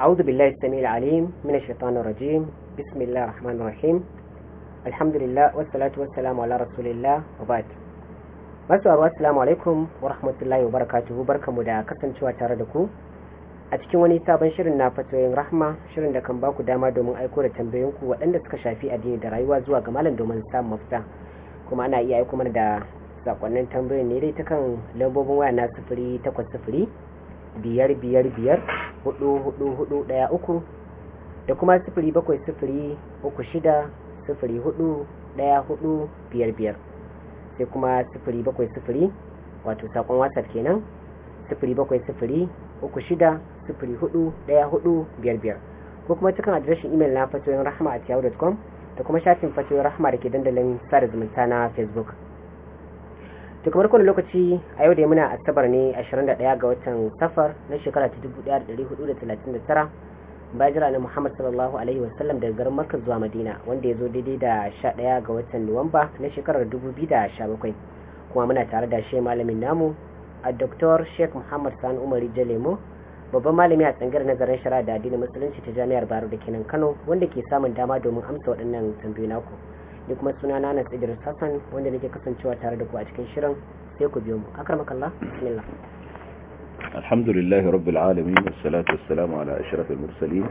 أعوذ بالله السميع العليم من الشيطان الرجيم بسم الله الرحمن الرحيم الحمد لله والصلاة والسلام على رسول الله وبعد masu assalamu alaikum wa rahmatullahi wa barakatuhu barkamu da kasancewa tare da ku a cikin wani sabon shirin na fatoyin rahma shirin da kan baku dama domin aiko da tambayoyin ku waɗanda suka shafi addini da rayuwa zuwa ga malam domin samun mafita kuma ana iya aiko mana da sakonnin tambayoyin ne dai ta kan lambobin waya na sifiri takwas sifiri biyar biyar biyar hudu hudu hudu daya uku da kuma sifiri bakwai sifiri uku shida sifiri hudu daya hudu biyar biyar sai kuma sifiri bakwai sifiri wato sakon whatsapp kenan sifiri bakwai sifiri uku shida sifiri hudu daya hudu biyar biyar ko kuma cikin adireshin imel na fatoyin rahama a yahoo.com da kuma shafin fatoyin rahama da ke dandalin sada zumunta na facebook to kamar kowane lokaci a yau da muna asabar ne 21 ga watan safar na shekara ta 1439 bayan jira na muhammad sallallahu alaihi wasallam daga garin makka zuwa madina wanda ya zo daidai da 11 ga watan nuwamba na shekarar 2017 kuma muna tare da shi malamin namu a dr sheikh muhammad sani umari jalemo babban malami a tsangar nazarin shari'a da addinin musulunci ta jami'ar baro da kenan kano wanda ke samun dama domin amsa waɗannan tambayoyi naku da kuma suna na Anas Idris Hassan wanda nake kasancewa tare da ku a cikin shirin sai ku biyo mu akramakallah bismillah alhamdulillahi rabbil alamin wassalatu wassalamu ala ashrafil mursalin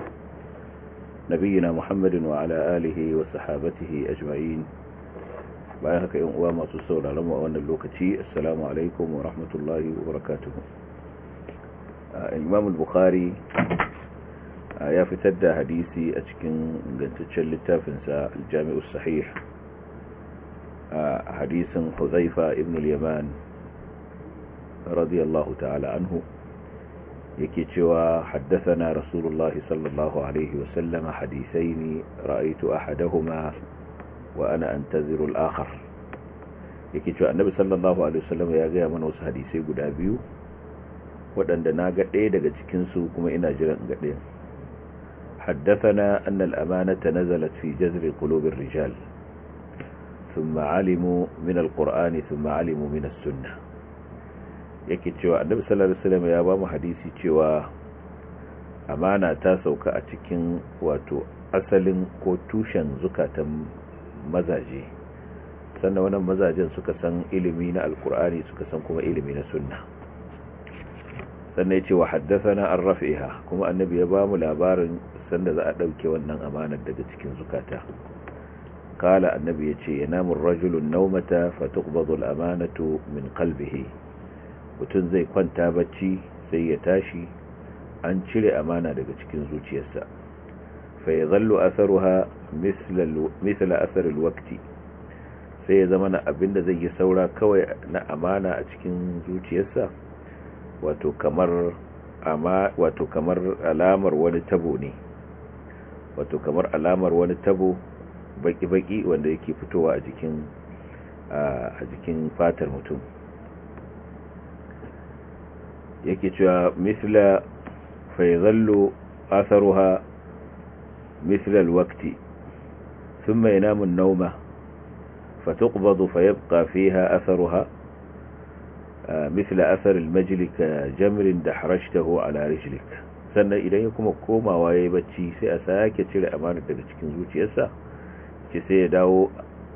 nabiyina muhammadin wa ala alihi wa sahabatihi ajma'in bayan haka yan uwa masu sauraron mu a wannan lokaci assalamu alaikum wa rahmatullahi wa barakatuh imam al-bukhari ya fitar da hadisi a cikin ingantaccen littafinsa aljami'ul sahih a hadisin huzaifa ibn al-yaman radiyallahu ta'ala anhu yake cewa haddathana rasulullahi sallallahu alaihi wasallam hadithaini ra'aytu ahadahuma wa ana antaziru al-akhar yake cewa annabi sallallahu alaihi wasallama ya gaya mana wasu hadisai guda biyu waɗanda na ga ɗaya daga cikinsu kuma ina jiran ga حدثنا أن الأمانة نزلت في جذر قلوب الرجال ثم علموا من القرآن ثم علموا من السنة yake cewa annabi sallallahu alaihi wasallam ya ba mu hadisi cewa amana ta sauka a cikin wato asalin ko tushen zukatan mazaje sannan wannan mazajen suka san ilimi na alkur'ani suka san kuma ilimi na sunna sannan ya ce wa haddasa na an rafiha kuma annabi ya ba mu labarin sanda za a ɗauke wannan amanar daga cikin zukata kala annabi ya ce mun rajulun naumata fatuqbadul amanatu min qalbihi mutum zai kwanta bacci sai ya tashi an cire amana daga cikin zuciyarsa fa ya yadhallu atharuha misla athar wakti sai ya zama na da zai yi saura kawai na amana a cikin zuciyarsa wato kamar alamar wani tabo ne wato kamar alamar wani tabo baki-baki wanda yake fitowa a jikin a jikin fatar mutum yake cewa misla faizallo asaruha mislal wakti ثم ينام النوم فتقبض فيبقى fiha أثرها مثل أثر المجل كجمر دحرجته على رجلك sannan idan ya kuma komawa ya yi bacci sai a sake cire amana daga cikin zuciyarsa ke sai ya dawo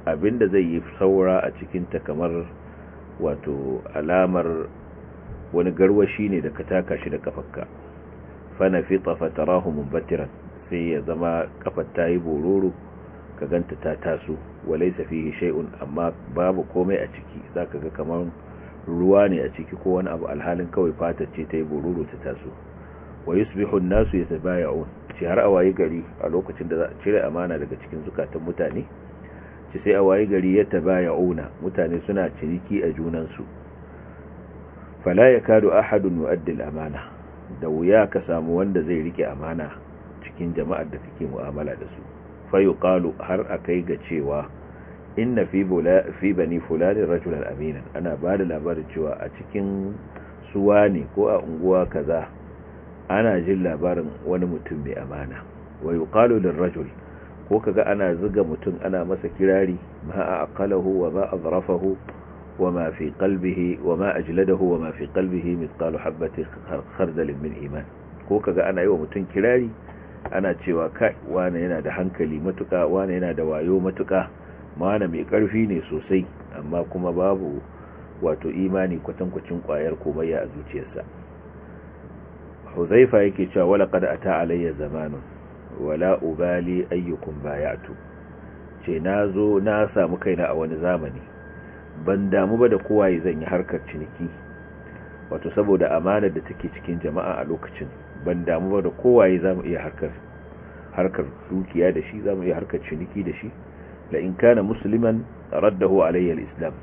abin da zai yi saura a cikinta kamar wato alamar wani garwashi ne da ka taka shi da kafarka fana fita fatarahu mumbatiran sai ya zama kafar ta yi bororo ka ganta ta taso walai safihi sha'un amma babu komai a ciki za ka ga kamar ruwa ne a ciki ko wani abu alhalin kawai fatar ce ta yi bororo ta taso wa yusbihu an-nasu yatabaya'un ci har a gari a lokacin da za a cire amana daga cikin zukatan mutane ci sai a waye gari yatabaya'una mutane suna ciniki a junan su fala yakadu ahadun yu'addi al-amana da wuya ka samu wanda zai rike amana cikin jama'ar da kake mu'amala da su fa yuqalu har akai ga cewa inna fi bula fi bani fulani rajulan amina ana ba da labarin cewa a cikin suwa ne ko a unguwa kaza ana jin labarin wani mutum mai amana wa da rajul? ko kaga ana zuga mutum ana masa kirari ma aqalahu wa ma azrafahu wa ma fi qalbihi wa ma ajladahu wa ma fi qalbihi mithqalu habati khardal min iman ko kaga ana yi wa mutum kirari ana cewa kai wani yana da hankali matuka wani yana da wayo matuka mana mai karfi ne sosai amma kuma babu wato imani kwatankwacin kwayar komayya a zuciyarsa huzaifa yake cewa wala a ta alayya zamanin wala ubali ayyukum bayatu ce nazo na samu kaina a wani zamani ban damu ba da kowaye zan yi harkar ciniki wato saboda amanar da take cikin jama'a a lokacin ban damu ba da kowaye zamu iya harkar harkar dukiya da shi zamu iya harkar ciniki da shi la in kana musliman raddahu alayya alislam islam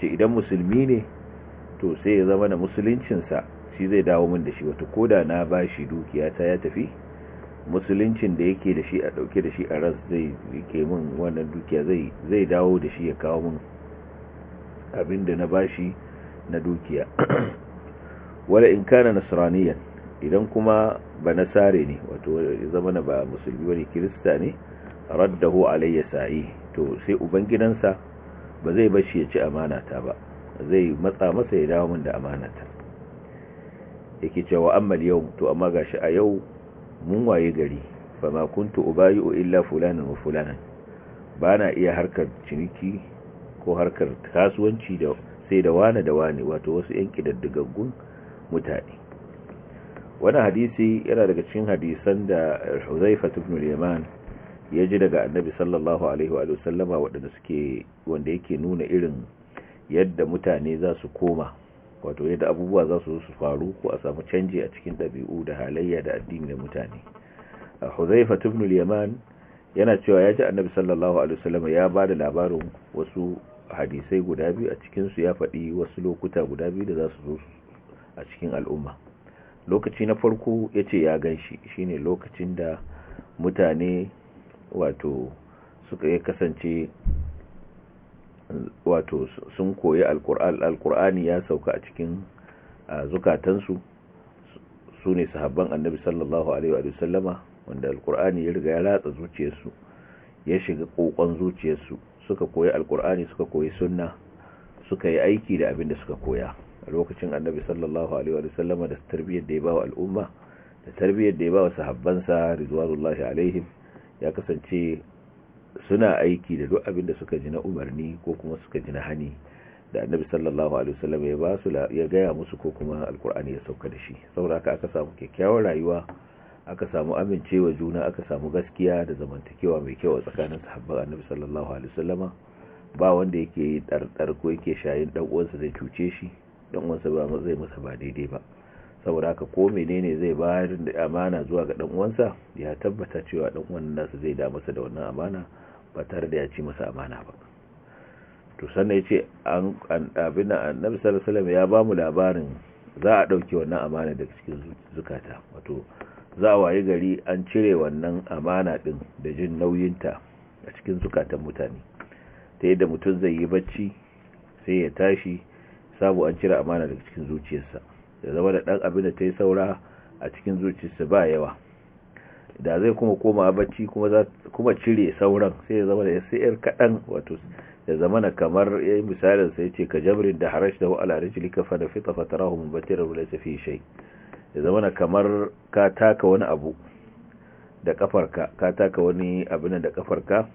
ce idan musulmi ne to sai ya zama na musuluncinsa shi zai dawo min da shi wata koda na ba shi dukiya ta ya tafi musuluncin da yake da shi a dauke da shi a ras zai rike min wannan dukiya zai dawo da shi ya kawo min abin da na bashi na dukiya wala in kana nasraniyan idan kuma ba nasare ne wato zama na ba musulmi wani kirista ne raddahu alayya sa'i to sai ubangidansa ba zai bashi ya ci amana ta ba zai matsa masa ya dawo min da amana ta yake cewa ammal yau to amma gashi a yau mun waye gari fa ma kuntu ubayu illa fulanan wa fulanan bana iya harkar ciniki ko harkar kasuwanci da sai da wani da wani wato wasu yan kidaddigaggun mutane wannan hadisi yana daga cikin hadisan da Huzaifa ibn al-Yaman ya ji daga Annabi sallallahu alaihi wa sallama wanda suke wanda yake nuna irin yadda mutane za su koma wato yadda abubuwa za su su faru ko a samu canji a cikin ɗabi'u da halayya da addini da mutane a huzaifa tubnul yaman yana cewa ya ji annabi sallallahu alaihi wasallam ya ba da labarin wasu hadisai guda biyu a cikinsu ya faɗi wasu lokuta guda biyu da za su zo a cikin al'umma lokaci na farko ya ce ya gan shi shine lokacin da mutane wato suka ya kasance wato sun koyi alkur'ani ya sauka a cikin zukatansu su ne sahabban annabi sallallahu alaihi wa sallama wanda alkur'ani ya riga ya ratsa zuciyarsu ya shiga kokon zuciyarsu suka koyi alkur'ani suka koyi sunna suka yi aiki da abin da suka koya a lokacin annabi sallallahu alaihi wa sallama da tarbiyyar da ya bawa al'umma da tarbiyyar da ya bawa sahabbansa rizwanullahi alaihim ya kasance suna aiki da duk abin da suka ji na umarni ko kuma suka ji na hani da annabi sallallahu alaihi wasallam ya ba su ya gaya musu ko kuma alkur'ani ya sauka da shi saboda haka aka samu kyakkyawar rayuwa aka samu amincewa juna aka samu gaskiya da zamantakewa mai kyau a tsakanin sahabban annabi sallallahu alaihi wasallam ba wanda yake dardar ko yake shayin dan uwansa zai cuce shi dan uwansa ba zai masa ba daidai ba saboda haka ko menene zai bayar da amana zuwa ga dan uwansa ya tabbata cewa dan uwan nasa zai da masa da wannan amana ba tare da ya ci masa amana ba to sannan ya ce abin a annabi sallallahu ya ba mu labarin za a ɗauke wannan amana daga cikin zukata wato za a waye gari an cire wannan amana ɗin da jin nauyinta a cikin zukatan mutane ta yadda mutum zai yi bacci sai ya tashi sabo an cire amana daga cikin zuciyarsa da zama da ɗan abin da ta yi saura a cikin zuciyarsa ba yawa da zai kuma koma bacci kuma cire sauran sai ya zama da sai yar kaɗan wato ya zama na kamar ya yi misalin sai ce ka jabrin da harash da wa'ala rijili ka fada fita fatara hu mumbatira wula ya fi shai ya zama na kamar ka taka wani abu da kafarka ka taka wani abin da kafarka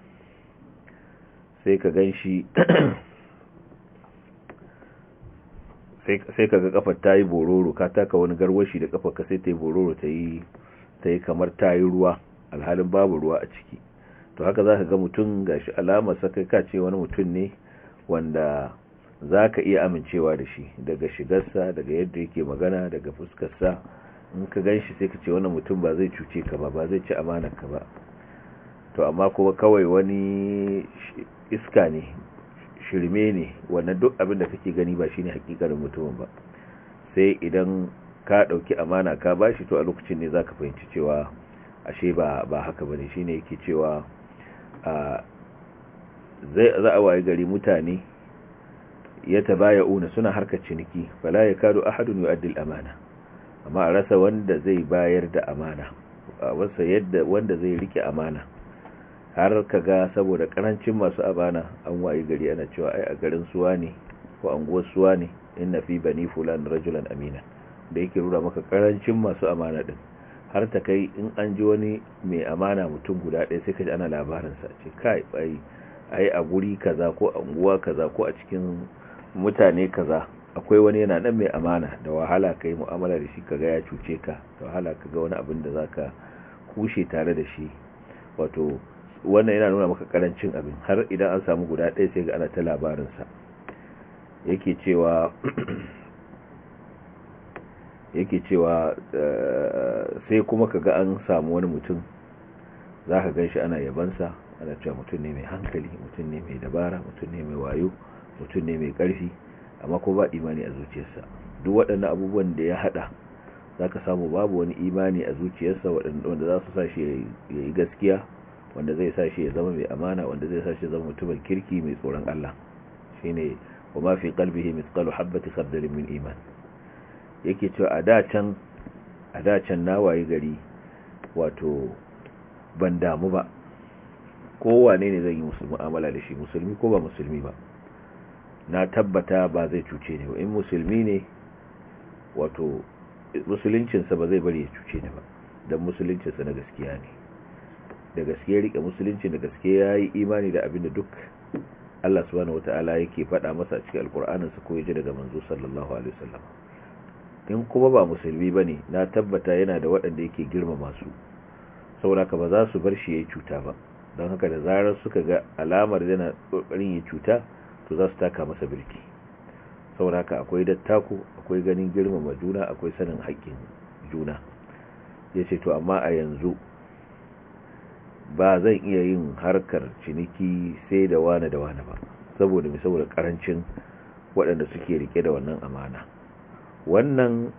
sai ka gan shi sai ka ga kafar ta yi bororo ka taka wani garwashi da kafarka sai ta yi bororo ta yi ta yi kamar ta yi ruwa alhalin babu ruwa a ciki to haka za ka ga mutum gashi alama sa kai ce wani mutum ne wanda za ka iya amincewa da shi daga shigarsa daga yadda yake magana daga fuskarsa in ka gan shi sai ka ce wani mutum ba zai cuce ka ba ba zai ci ka ba to amma kuma kawai wani iska ne shirme ne wannan duk abin da kake gani ba shine hakikarin mutumin ba sai idan ka ɗauki amana ka bashi to a lokacin ne za ka fahimci cewa ashe ba haka ba ne shi ne yake cewa za a waye gari mutane ya ya una suna harka ciniki fala ya kado ahadun yu'addil amana amma a rasa wanda zai bayar da amana wasa yadda wanda zai rike amana har ka ga saboda karancin masu amana an waye gari ana cewa ai a garin suwa ne ko anguwar suwa ne inna fi bani fulan rajulan amina da yake rura maka karancin masu amana din har ta kai in an ji wani mai amana mutum guda ɗaya sai ka ji ana labarinsa ce kai bai ai a guri kaza ko a unguwa kaza ko a cikin mutane kaza akwai wani yana nan mai amana da wahala kai yi mu'amala da shi kaga ya cuce ka da wahala ka wani abin da za ka kushe tare da shi wato wannan yana nuna maka karancin abin har idan an samu guda ɗaya sai ga ana ta labarinsa yake cewa yake cewa eh, sai kuma ka ga an samu wani mutum za ka gan shi ana yabansa ana cewa mutum ne mai hankali mutum ne mai dabara mutum ne mai wayo mutum ne mai ƙarfi amma ko ba imani a zuciyarsa duk waɗannan abubuwan da ya haɗa za ka samu babu wani imani a zuciyarsa wanda za su sa shi ya yi gaskiya wanda zai sa shi ya zama mai amana wanda zai sa shi ya zama mutumin kirki mai tsoron Allah shine wa ma fi qalbihi mithqalu habbatin khardalin min iman yake cewa a dacan a na nawaye gari wato ban damu ba kowane ne zan yi amala da shi musulmi ko ba musulmi ba na tabbata ba zai cuce ni ba in musulmi ne wato musuluncinsa ba zai bari ya cuce ni ba don musuluncinsa na gaskiya ne da gaskiya rike musulunci da gaskiya ya yi imani da abin da duk Allah subhanahu wata'ala yake faɗa masa cikin alkur'aninsa ko ya ji daga manzo sallallahu alaihi wasallam in kuma ba musulmi ba ne na tabbata yana da waɗanda yake girmama su saboda ka ba za su bar shi ya yi cuta ba don haka da zarar suka ga alamar yana ƙoƙarin ya cuta to za su taka masa birki saboda haka akwai dattako akwai ganin girmama juna akwai sanin haƙƙin juna ya ce to amma a yanzu ba zan iya yin harkar ciniki sai da wane da wane ba saboda mai saboda ƙarancin waɗanda suke riƙe da wannan amana wannan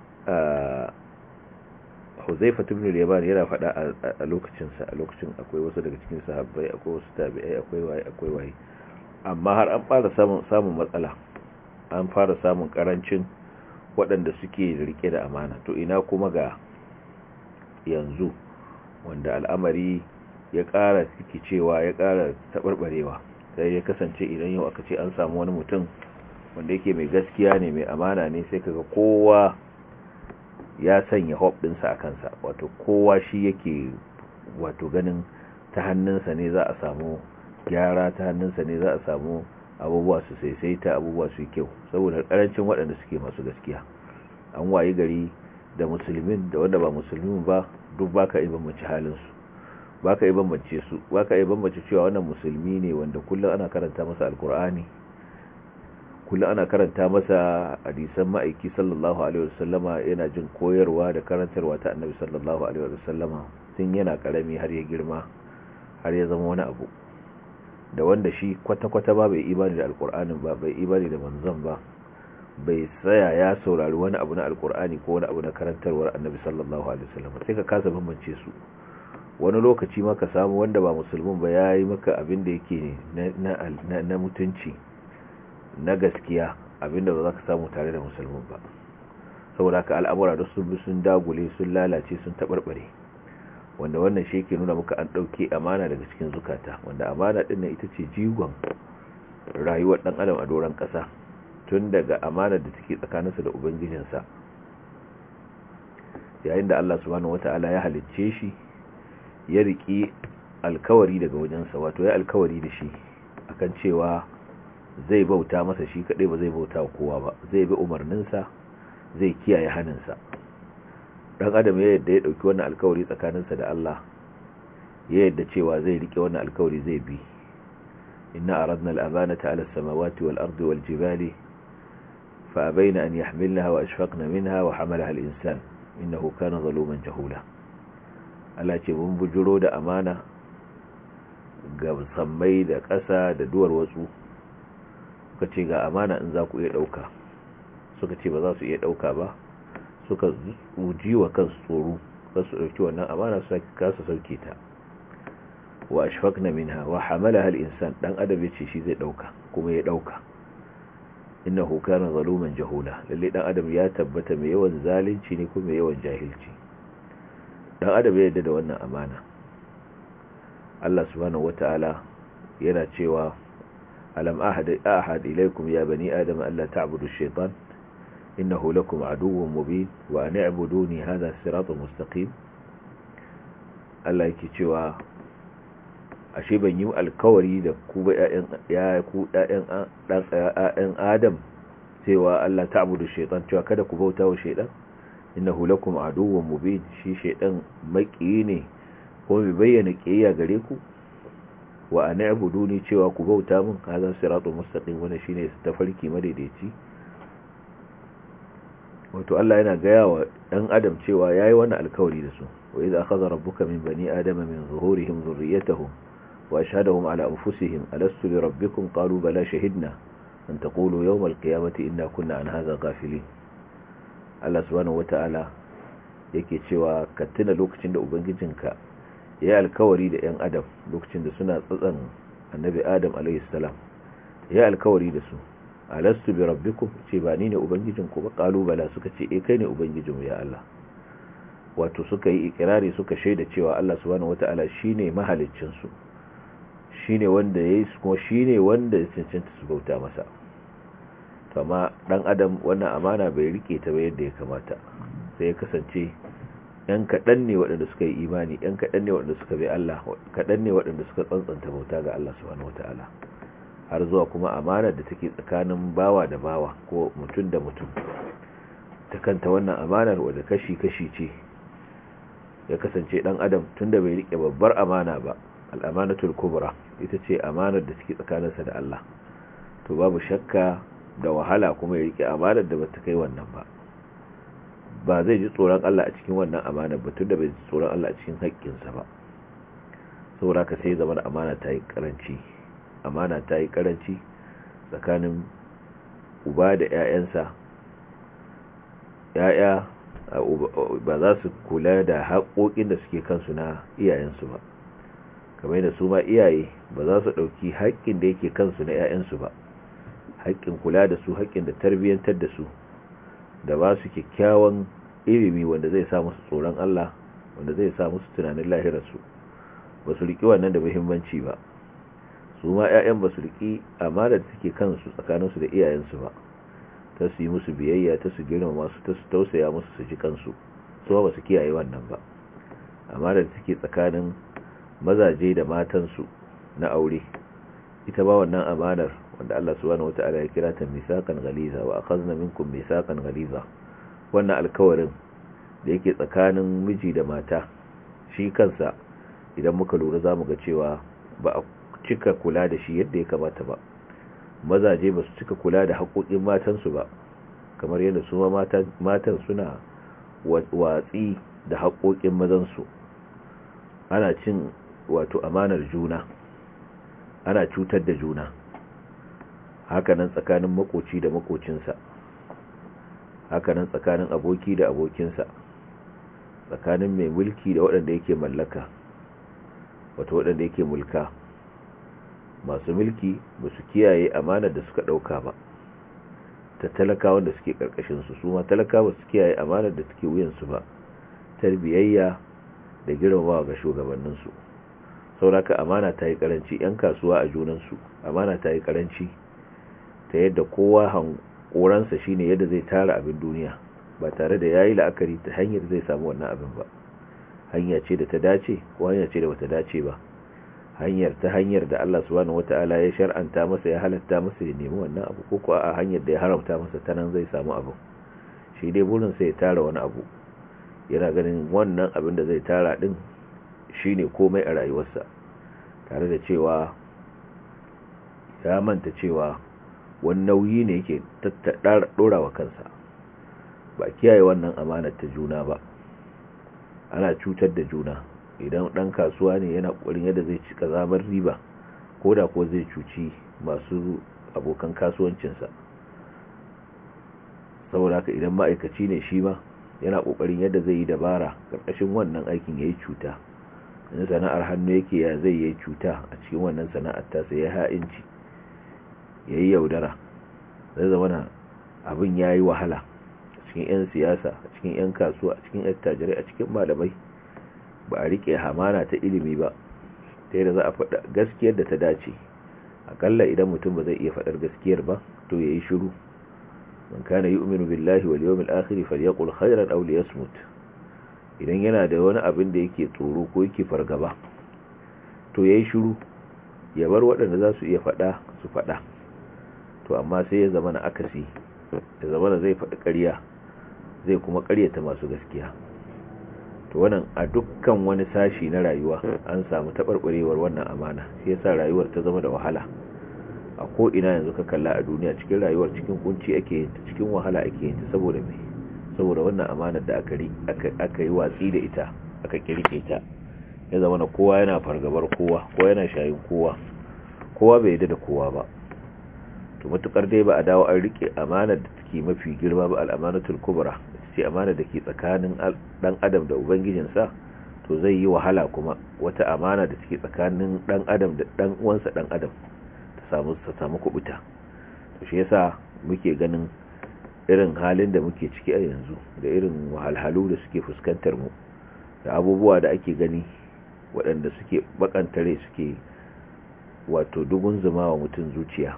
huzaifa ibn al-yaman yana faɗa a lokacin a lokacin akwai wasu daga cikin sahabbai akwai wasu tabi'ai akwai waye akwai waye amma har an fara samun matsala an fara samun karancin waɗanda suke rike da amana to ina kuma ga yanzu wanda al'amari ya ƙara cewa ya ƙara taɓarɓarewa sai ya kasance idan yau aka ce an samu wani mutum wanda yake mai gaskiya ne mai amana ne sai kaga kowa ya sanya hope dinsa a kansa wato kowa shi yake wato ganin ta hannunsa ne za a samu gyara ta hannunsa ne za a samu abubuwa su ta abubuwa su yi kyau saboda karancin waɗanda suke masu gaskiya an wayi gari da musulmin da wanda ba musulmin ba duk baka iya halin halinsu baka iya bambance su baka cewa wannan musulmi ne wanda kullum ana karanta masa alkur'ani kullum ana karanta masa hadisan ma'aiki sallallahu alaihi wasallama yana jin koyarwa da karantarwa ta annabi sallallahu alaihi wasallama tun yana karami har ya girma har ya zama wani abu da wanda shi kwata-kwata ba bai imani da alkur'anin ba bai imani da manzon ba bai tsaya ya saurari wani abu na alkur'ani ko wani abu na karantarwar annabi sallallahu alaihi wasallama sai ka kasa bambance su wani lokaci maka samu wanda ba musulmin ba ya yi maka abin da yake na mutunci na gaskiya abinda ba za ka samu tare da musulmin ba saboda haka al'amura da sun sun dagule sun lalace sun taɓarɓare wanda wannan shi ke nuna muka an ɗauke amana daga cikin zukata wanda amana ɗin na ita ce jigon rayuwar ɗan adam a doron ƙasa tun daga amanar da take tsakaninsa da ubangijinsa yayin da Allah subhanahu wata'ala ya halicce shi ya riƙi alkawari daga wajensa wato ya alkawari da shi akan cewa zai bauta masa shi kadai ba zai bauta kowa ba zai bi umarninsa zai kiyaye haninsa dan adam ya yadda ya ɗauki wannan alkawari tsakaninsa da Allah ya yadda cewa zai rike wannan alkawari zai bi inna aradna al-amanata ala samawati wal-ardi wal-jibali fa abaina an yahmilnaha wa ashfaqna minha wa hamalaha al-insan innahu kana zaluman jahula Allah ce mun bujuro da amana ga sammai da ƙasa da duwar watsu suka ce ga amana in za ku iya ɗauka suka ce ba za su iya ɗauka ba suka uji wa kan tsoro kan su ɗauki wannan amana su kasa sauke ta wa na minha wa hamala al-insan dan adam ce shi zai ɗauka kuma ya ɗauka huka kana zaluman jahula lalle dan adam ya tabbata mai yawan zalunci ne kuma mai yawan jahilci Ɗan adam ya yadda da wannan amana Allah subhanahu wataala yana cewa alam ahad ilaikum ya bani adam alla ta'budu shaytan innahu lakum aduwwun mubin wa an i'buduni hadha siratun mustaqim Allah yake cewa ashe ban yi alkawari da ku ba ya ku ɗan adam cewa Allah ta'budu shaytan cewa kada ku bauta wa shaytan innahu lakum aduwwun mubin shi shaytan maki ne ko bai bayyana kiyaya gare ku wa an ni cewa ku bauta min kaza siratul mustaqim wannan shine ta farki madaidaici wato Allah yana gaya wa dan adam cewa yayi wannan alkawari da su wa a akhadha rabbuka min bani adama min zuhurihim dhurriyyatahum wa ashhadahum ala anfusihim alastu bi rabbikum qalu bala shahidna an taqulu yawm alqiyamati inna kunna an hadha ghafilin Allah subhanahu wata'ala yake cewa ka tuna lokacin da ubangijinka ya alkawari da ‘yan adam lokacin da suna tsatsan annabi adam alaihissalam ya alkawari da su alastu bi rabbikum ce ba ni ne Ubangijin ku ba kalubala suka ce e kai ne ubangijinmu ya Allah wato suka yi ikirari suka shaida cewa Allah subhanahu wata'ala shine mahaliccin su shine wanda yayi kuma shine wanda ya cancanta su bauta masa kama dan adam wannan amana bai rike ta ba yadda ya kamata sai ya kasance yan kaɗan ne waɗanda suka yi imani yan kaɗan ne waɗanda suka bi Allah kaɗan ne waɗanda suka tsantsanta bauta ga Allah subhanahu wataala har zuwa kuma amana da take tsakanin bawa da bawa ko mutum da mutum ta kanta wannan amanar wadda kashi kashi ce ya kasance ɗan adam tunda bai rike babbar amana ba amanatul kubra ita ce amanar da take sa da Allah to babu shakka da wahala kuma ya rike amanar da bata kai wannan ba ba zai ji tsoron Allah a cikin wannan amana ba da bai ji tsoron Allah a cikin haƙƙinsa ba saboda ka sai zama amana ta yi karanci amana ta yi karanci tsakanin uba da 'ya'yansa yaya ba za su kula da haƙoƙin da suke kansu na iyayensu ba kamar da su ma iyaye ba za su ɗauki haƙƙin da yake kansu na ‘ya'yansu ba haƙƙin kula da su haƙƙin da tarbiyyantar da su da ba su kyakkyawan ilimi wanda zai sa musu tsoron Allah wanda zai sa musu tunanin lahirarsu ba su riƙi wannan da muhimmanci ba su ma 'ya'yan ba su riƙi amma da suke kansu tsakaninsu da iyayensu ba ta su yi musu biyayya ta su girmama su ta su tausaya musu su ji kansu su ba su kiyaye wannan ba amma da suke tsakanin mazaje da matansu na aure ita ba wannan amanar wanda Allah subhanahu wataala ya kira ta misaqan ghaliza wa akhadna minkum misaqan ghaliza wannan alkawarin da yake tsakanin miji da mata shi kansa idan muka lura zamu ga cewa ba a cika kula da shi yadda ya kamata ba mazaje ba su cika kula da haƙoƙin matansu ba kamar yadda su ma matan suna watsi da haƙoƙin su? ana cin wato amanar juna ana cutar da juna hakanan tsakanin makoci da makocinsa hakanan tsakanin aboki da abokinsa tsakanin mai mulki da waɗanda yake mallaka wato waɗanda yake mulka masu mulki ba su kiyaye amana da suka ɗauka ba ta talaka da suke ƙarƙashinsu su ma talakawa su kiyaye amanar da suke wuyansu ba tarbiyayya da girmamawa ga shugabanninsu sauraka amana ta yi karanci 'yan kasuwa a junansu amana ta yi karanci ta yadda kowa shi shine yadda zai tara abin duniya ba tare da ya yi la'akari ta hanyar zai samu wannan abin ba hanya ce da ta dace ko hanya ce da bata dace ba hanyar ta hanyar da Allah subhanahu wataala ya shar'anta masa ya halatta masa ya nemi wannan abu ko kuwa a hanyar da ya haramta masa ta nan zai samu abu shi dai burin sai ya tara wani abu yana ganin wannan abin da zai tara din shine komai a rayuwarsa tare da cewa ya manta cewa wani nauyi ne yake ɗora wa kansa ba kiyaye wannan amanar ta juna ba ana cutar da juna idan ɗan kasuwa ne yana ƙoƙarin yadda zai ci kazamar riba ko da ko zai cuci masu abokan kasuwancinsa saboda haka idan ma'aikaci ne shi ma yana ƙoƙarin yadda zai yi dabara ƙarƙashin wannan aikin ya yi cuta in sana'ar hannu yake ya zai yi cuta a cikin wannan sana'ar ta sai ya ha'inci ya yi yaudara zai zama na abin ya yi wahala a cikin 'yan siyasa a cikin 'yan kasuwa a cikin 'yan tajirai a cikin malamai ba a riƙe hamana ta ilimi ba ta da za a faɗa gaskiyar da ta dace aƙalla idan mutum ba zai iya faɗar gaskiyar ba to ya yi shiru man yi umaru billahi wal yawmil akhir falyaqul khairan aw liyasmut idan yana da wani abin da yake tsoro ko yake fargaba to ya yi shiru ya bar waɗanda za su iya faɗa su faɗa to amma sai ya zama na akasi ya zama na zai faɗi ƙarya zai kuma ƙaryata masu gaskiya to wannan a dukkan wani sashi na rayuwa an samu taɓarɓarewar wannan amana sai ya sa rayuwar ta zama da wahala a ko ina yanzu ka kalla a duniya cikin rayuwar cikin kunci ake yin cikin wahala ake yin saboda me saboda wannan amanar da aka aka yi watsi da ita aka kirke ta ya zama na kowa yana fargabar kowa kowa yana shayin kowa kowa bai yadda da kowa ba to matukar dai ba a dawo an rike amana da take mafi girma ba al'amanatul kubra sai amana da ke tsakanin dan adam da ubangijinsa to zai yi wahala kuma wata amana da take tsakanin dan adam da dan uwansa dan adam ta samu ta samu kubuta to shi yasa muke ganin irin halin da muke ciki a yanzu da irin wahalhalu da suke fuskantar mu da abubuwa da ake gani waɗanda suke bakantare suke wato dugun zuma wa mutum zuciya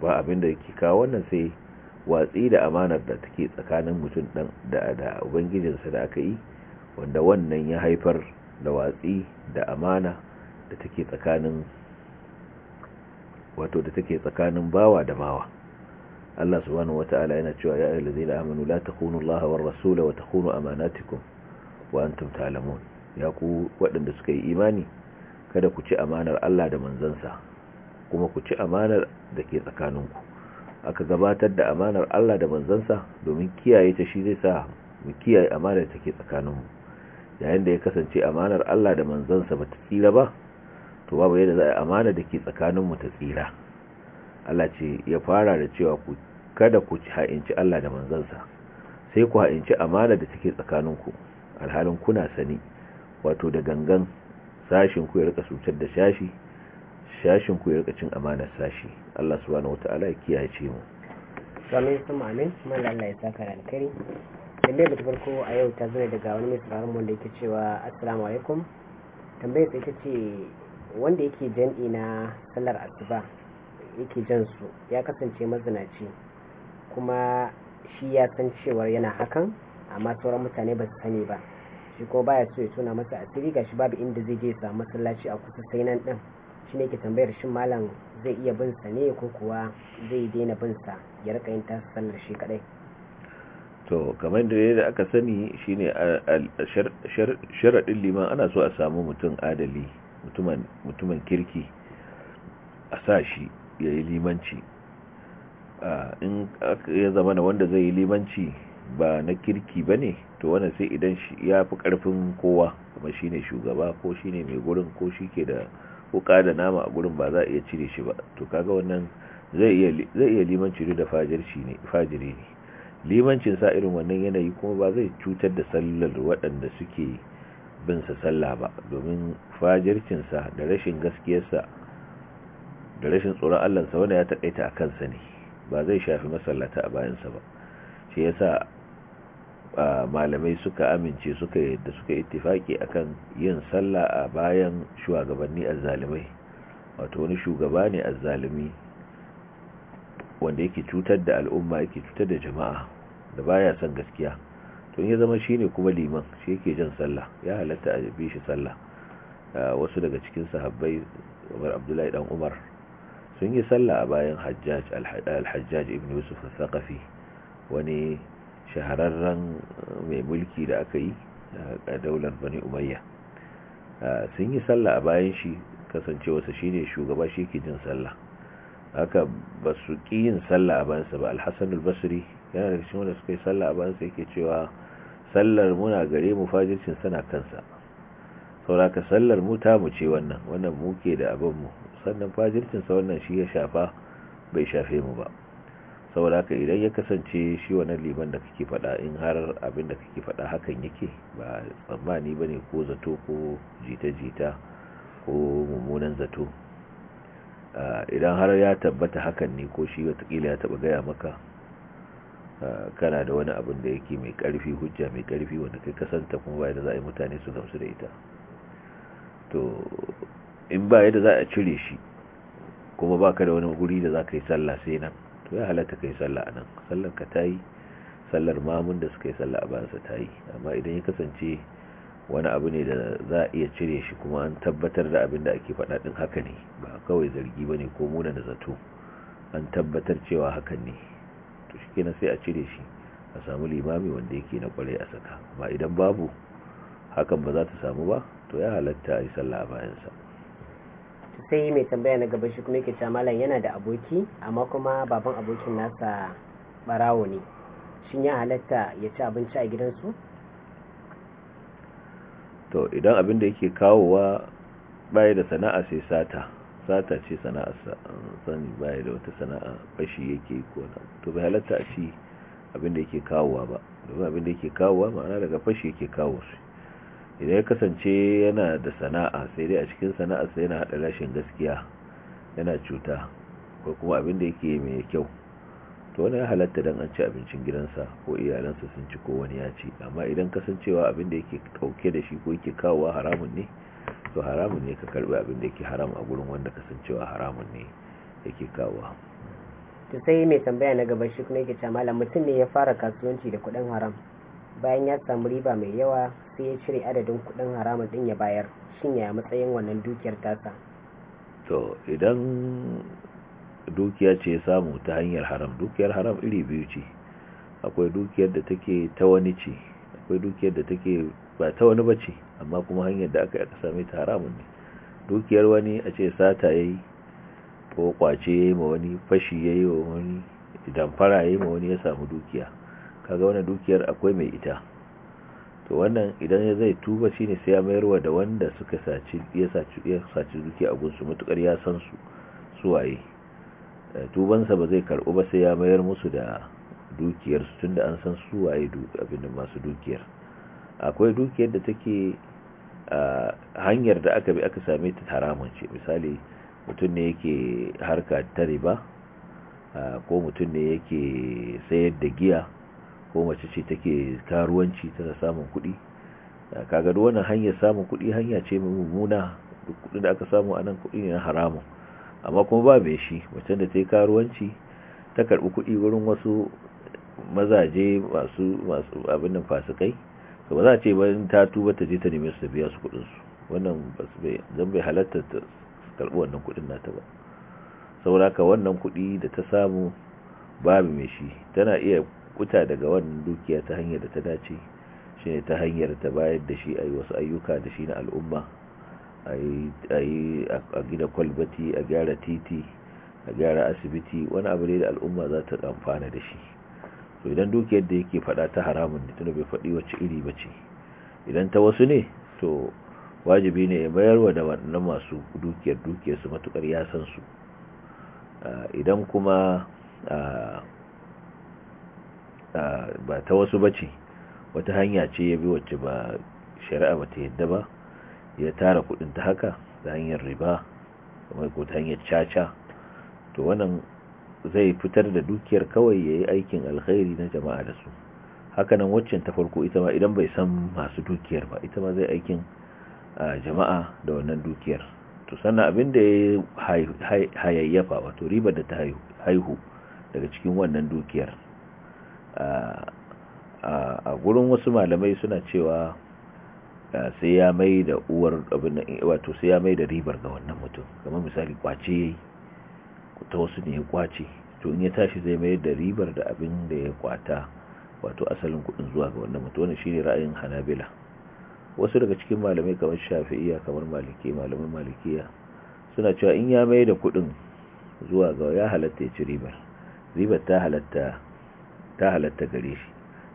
ba abin da yake kawo wannan sai watsi da amanar da take tsakanin mutum dan da da ubangijinsa da aka yi wanda wannan ya haifar da watsi da amana da take tsakanin wato da take tsakanin bawa da mawa Allah subhanahu wata'ala yana cewa ya ayyuhal ladina amanu la takunu Allah war rasul wa takunu amanatikum wa antum ta'lamun ya ku waɗanda suka yi imani kada ku ci amanar Allah da manzansa kuma ku ci amanar da ke tsakaninku aka gabatar da amanar Allah da manzansa domin kiyaye ta shi zai sa mu kiyaye amanar da take tsakaninmu yayin da ya kasance amanar Allah da manzansa ba ta tsira ba to babu yadda za a amana da ke tsakaninmu ta tsira Allah ce ya fara da cewa ku kada ku ha'inci Allah da manzansa sai ku ha'inci amanar da take tsakaninku alhalin kuna sani wato da gangan sashin ku ya rika cutar da shashi sashin ku ya cin amana sashi Allah wata wataala ya kiyace mu sami kuma amin mai Allah ya saka alkhairi tambayar da farko a yau ta zo daga wani mai sauraron wanda yake cewa assalamu alaikum tambayar sai ta ce wanda yake jan'i na sallar asuba yake jan su ya kasance mazinaci kuma shi ya san cewar yana hakan amma sauran mutane ba su sani ba shi ko baya so ya tona masa asiri gashi babu inda zai je ya samu masallaci a kusa sai nan din shi ne ke tambayar shi malam zai iya bin sa ne ko kuwa zai daina bin sa ya rika yin tasa shi kadai to kamar da da aka sani shine sharaɗin liman ana so a samu mutum adali mutumin kirki a sa shi ya yi limanci in ya zama na wanda zai yi limanci ba na kirki ba ne to wanda sai idan ya fi karfin kowa kuma shine shugaba ko shine mai gurin ko shi ke da wuka da nama a gurin ba za a iya cire shi ba to kaga wannan zai iya limanci da fajiri ne limancin sa irin wannan yanayi kuma ba zai cutar da sallar waɗanda suke bin sa sallah ba domin fajircin sa da rashin gaskiyar sa da rashin tsoron Allah sa wanda ya takaita a kansa ne ba zai shafi masallata a bayan sa ba shi yasa malamai suka amince suka yadda suka ittifaki akan yin sallah a bayan shugabanni azzalimai wato wani shugaba ne azzalimi wanda yake cutar da al'umma yake cutar da jama'a da baya son gaskiya to ya zama shine kuma liman shi yake jan sallah ya halatta a bi shi sallah wasu daga cikin sahabbai Umar Abdullahi dan Umar sun yi sallah a bayan Hajjaj al-Hajjaj ibn Yusuf al-Thaqafi wani shahararren uh, mai mulki da aka yi uh, a daular bani umayya uh, sun yi sallah a bayan shi wasu shi ne shugaba shi ke jin sallah haka ba su ƙi yin sallah a bayansa ba alhassan albasiri yana da cikin wanda suka yi sallah a bayansa yake cewa sallar muna gare mu fajircin sana kansa sauraka sallar mu ta mu ce wannan wannan muke da abinmu sannan fajircinsa wannan shi ya shafa bai shafe mu ba saboda haka idan ya kasance shi wannan liman da kake fada in har abin da kake fada hakan yake ba tsammani bane ko zato ko jita-jita ko mummunan zato idan har ya tabbata hakan ne ko shi watakila ya taba gaya maka kana da wani abin da yake mai karfi hujja mai karfi wanda kai kasanta kuma ba yadda za a yi mutane su gamsu da ita to in ba yadda za a cire shi kuma ba ka da wani guri da za ka yi sallah sai nan to ya halatta kai sallah anan sallar ka tayi sallar mamun da suka yi sallah a bayansa tayi amma idan ya kasance wani abu ne da za a iya cire shi kuma an tabbatar da abin da ake faɗa ɗin haka ne ba kawai zargi ba ne ko muna da zato an tabbatar cewa hakan ne to shi sai a cire shi a samu limami wanda yake na kwarai a saka amma idan babu hakan ba za ta samu ba to ya halatta a yi sallah a bayansa sai mai tambaya na gaba shi kuma yake cewa malam yana da aboki amma kuma baban abokin nasa barawo ne shin ya halatta ya ci abinci a gidansu to idan abin da yake kawowa baya da sana'a sai sata sata ce sana'a sani baya da wata sana'a bashi yake ko na to bai halatta a ci abin da yake kawowa ba domin abin da yake kawowa ma'ana daga fashi yake kawo su idan ya kasance yana da sana'a sai dai a cikin sana'a sai yana haɗa rashin gaskiya yana cuta ko kuma abin da yake mai kyau to wani ya halatta don an ci abincin gidansa ko iyalansa sun ci ko wani ya ci amma idan kasancewa abin da yake ɗauke da shi ko yake kawowa haramun ne to haramun ne ka karbi abin da yake haram a gurin wanda kasancewa haramun ne yake kawowa to sai mai tambaya na gaba shi kuma yake cewa malam mutum ne ya fara kasuwanci da kuɗin haram bayan ya samu riba mai yawa sai ya cire adadin kudin haramun din ya bayar shin ya matsayin wannan dukiyar tasa to idan dukiya ce samu ta hanyar haram dukiyar haram iri biyu ce akwai dukiyar da take ta wani ce akwai dukiyar da take ba ta wani ba ce amma kuma hanyar da aka yi same ta haramun ne dukiyar wani a ce sata ya yi ko kwace ya yi ma wani fashi ya yi wa wani idan fara yi ma wani ya samu dukiya kaga wannan dukiyar akwai mai ita to wannan idan ya zai tuba shine sai ya mayarwa da wanda suka saci ya saci ya saci dukiya a gunsu mutukar ya san su suwaye eh, tubansa ba zai karbu ba sai ya mayar musu da dukiyar su tunda an san suwaye abin da masu dukiyar akwai dukiyar da take hanyar da aka bi aka same ta haramun ce misali mutum ne yake harka ta riba ko mutum ne yake sayar da giya ko mace ce take karuwanci tana samun kuɗi kaga duk wannan hanyar samun kuɗi hanya ce mai mummuna duk kuɗin da aka samu anan kuɗi ne na haramun amma kuma ba mai shi mace da ta yi karuwanci ta karɓi kuɗi wurin wasu mazaje masu masu abin nan fasikai to ba za a ce bayan ta tuba ta je ta nemi su biya su kuɗin su wannan ba su bai zan bai halatta ta karɓi wannan kuɗin nata ba saboda ka wannan kuɗi da ta samu babu mai shi tana iya kubuta daga wannan dukiya ta hanyar da ta dace shi ne ta hanyar ta bayar da shi a yi wasu ayyuka da shi na al'umma a yi a gina kwalbati a gyara titi a gyara asibiti wani abu ne da al'umma za ta amfana da shi to idan dukiyar da yake faɗa ta haramun da tuna bai faɗi wacce iri ba ce idan ta wasu ne to wajibi ne ya bayarwa da wannan masu dukiyar dukiyar su matukar ah, ya su idan kuma ah, ba ta wasu bace wata hanya ce ya bi wacce ba shari'a ba ta yadda ba ya tara kudin ta haka ta hanyar riba mai ko ta hanyar caca to wannan zai fitar da dukiyar kawai ya yi aikin alkhairi na jama'a da su hakanan waccan ta farko ita ma idan bai san masu dukiyar ba ita ma zai aikin jama'a da wannan dukiyar to sannan abin da ya hayayyafa wato ribar da ta haihu daga cikin wannan dukiyar a gurin wasu malamai suna cewa sai ya mai da uwar abin wato sai ya mai da ribar ga wannan mutum kamar misali kwace yayi ta wasu ne ya kwace to in ya tashi zai mai da ribar da abin da ya kwata wato asalin kudin zuwa ga wannan mutum wannan shine ra'ayin Hanabila wasu daga cikin malamai kamar Shafi'iyya kamar Maliki malamai Malikiya suna cewa in ya mai da kudin zuwa ga ya halatta ya ci ribar ribar ta halatta ta halatta gare shi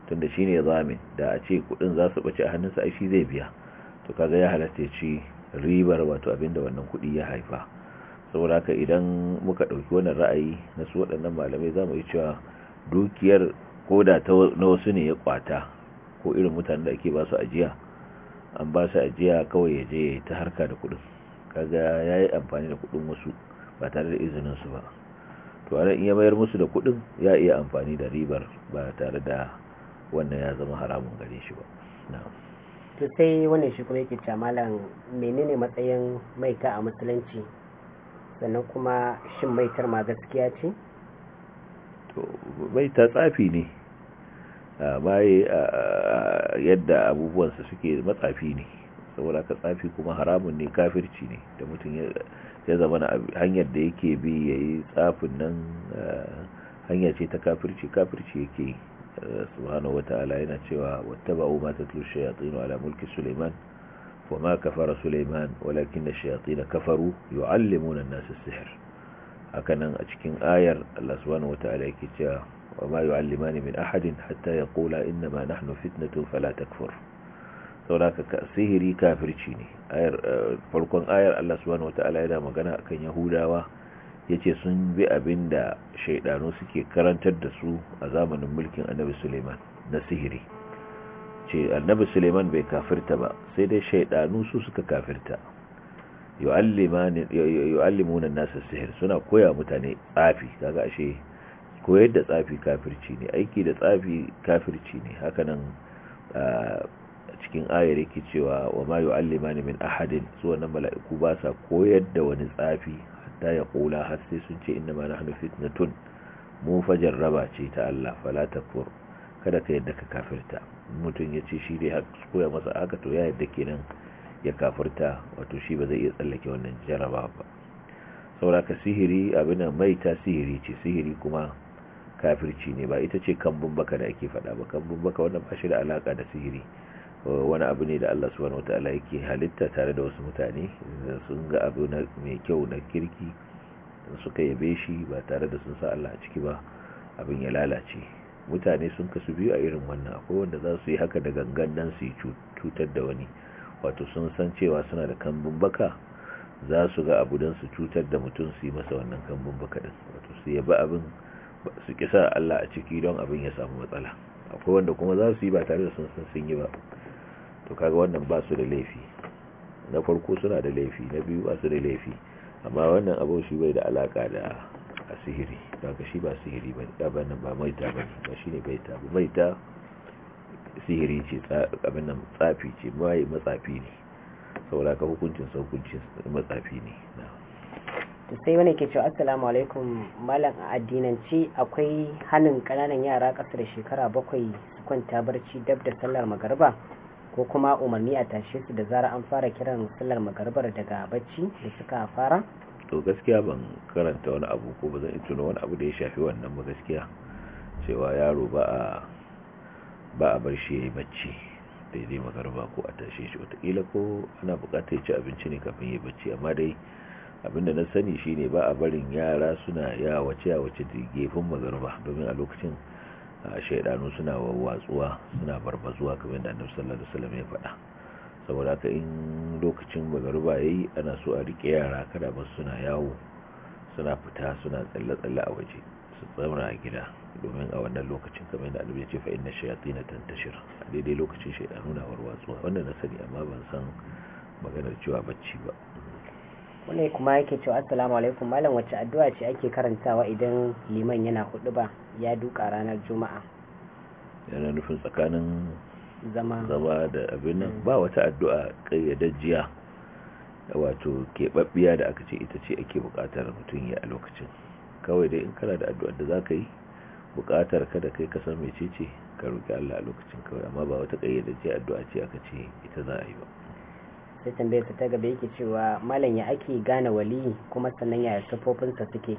tunda shi ne zamin da a ce kudin za su bace a hannunsa ai shi zai biya to kaga ya halatta ya ci ribar wato abinda wannan kudi ya haifa saboda haka idan muka ɗauki wannan ra'ayi na su waɗannan malamai za mu yi cewa dukiyar koda ta na wasu ne ya kwata ko irin mutanen da ake ba su ajiya an ba su ajiya kawai ya je ta harka da kudin kaga yi amfani da kudin wasu ba tare da izinin su ba to in iya mayar musu da kuɗin ya iya amfani da ribar ba tare da wannan ya zama haramun gare shi ba to sai wannan shi kuma yake malam menene matsayin maita a musulunci sannan kuma shin maitar ma gaskiya ce to maita tsafi ne a yadda abubuwansa suke matsafi ne saboda ka tsafi kuma haramun ne kafirci ne da mutum ya zama na hanyar da yake bi ya yi tsafin nan eh, hanya ce ta kafirci kafirci yake yi eh, subhanahu wa ta'ala yana cewa wattaba'u ma tatlu shayatin ala mulki Sulaiman wa ma kafara Sulaiman walakin ash-shayatin kafaru yu'allimuna an-nasa as-sihr hakanan a cikin ayar Allah subhanahu wa ta'ala yake cewa wa ma yu'allimani min ahadin hatta yaqula inna ma nahnu fitnatun fala takfur sauraka sihiri kafirci ne eh, farkon ayar Allah subhanahu wata'ala yana magana akan yahudawa yace sun bi abin da shaidanu suke karantar da su a zamanin mulkin annabi suleiman na sihiri ce annabi suleiman bai kafirta ba sai dai shaidanu su suka kafirta yu'allimuna nasa sihir suna koya mutane tsafi kaga ashe koyar da tsafi kafirci ne aiki da tsafi kafirci ne hakanan ah, cikin ayar yake cewa wa ma ni min ahadin su wannan mala'iku ba sa koyar da wani tsafi hatta ya kula har sai sun ce inna ma nahnu fitnatun mu fa jarraba ce ta Allah fala takfur kada ka yadda ka kafirta mutum ya ce shi dai haka koya masa haka to ya yadda kenan ya kafirta wato shi ba zai iya tsallake wannan jaraba ba ka sihiri abin mai ta sihiri ce sihiri kuma kafirci ne ba ita ce kambun baka da ake faɗa ba kambun baka wannan ba shi da alaka da sihiri wani abu ne da Allah subhanahu wataala yake halitta tare da wasu mutane sun ga abu mai kyau na kirki suka yabe shi ba tare da sun sa Allah a ciki ba abin ya lalace mutane sun kasu biyu a irin wannan akwai wanda za su yi haka da gangan dan su yi cutar da wani wato sun san cewa suna da kambun baka za su ga abu don su cutar da mutum su yi masa wannan kambun baka din wato su yabi abin su kisa Allah a ciki don abin ya samu matsala akwai wanda kuma za su yi ba tare da sun san sun yi ba to kaga wannan ba su da laifi na farko suna da laifi na biyu ba su da laifi amma wannan abin shi bai da alaka da a sihiri daga shi ba sihiri ba abin ba maita ba ba shi ne baita ba maita sihiri ce abin nan tsafi ce mai matsafi ne saboda ka hukuncin sa hukuncin matsafi ne to sai wani ke cewa assalamu alaikum malam a addinance akwai hannun kananan yara kasar shekara bakwai su kwanta barci dab da sallar magariba ko kuma umarni a tashe su da zara an fara kiran sallar magarbar daga bacci da suka fara to gaskiya ban karanta wani abu ko ba zan iya tuna wani abu da ya shafi wannan ba gaskiya cewa yaro ba a ba a bar shi ya yi bacci daidai magarba ko a tashe shi watakila ko ana bukatar ci abinci ne kafin ya bacci amma dai abinda na sani shine ba a barin yara suna yawace yawace da gefen magarba domin a lokacin a shaidanu suna wawatsuwa suna barbazuwa kamar da annabi sallallahu alaihi wasallam ya faɗa saboda haka in lokacin magaruba yayi ana so a rike yara kada ba suna yawo suna fita suna tsalle-tsalle a waje su tsamra a gida domin a wannan lokacin kamar da annabi ya ce fa inna shayatin tantashir a daidai lokacin shaidanu na warwatsuwa wannan na sani amma ban san maganar cewa bacci ba wannan kuma yake cewa assalamu alaikum malam wacce addu'a ce ake karantawa idan liman yana hudu ba ya duka ranar juma'a yana nufin tsakanin zama da abin nan mm. ba wata addu'a da wato keɓaɓɓiya da aka ce ita ce ake buƙatar mutum ya a lokacin kawai dai in kana da addu'a da za ka yi buƙatar kada kai ka san mece ce ka roƙi Allah a lokacin kawai amma ba wata kayyadajjiya addu'a ce aka ce ita za a yi ba sai tambayar ta gaba yake cewa malam ya ake gane wali kuma sannan yaya tafofinsa suke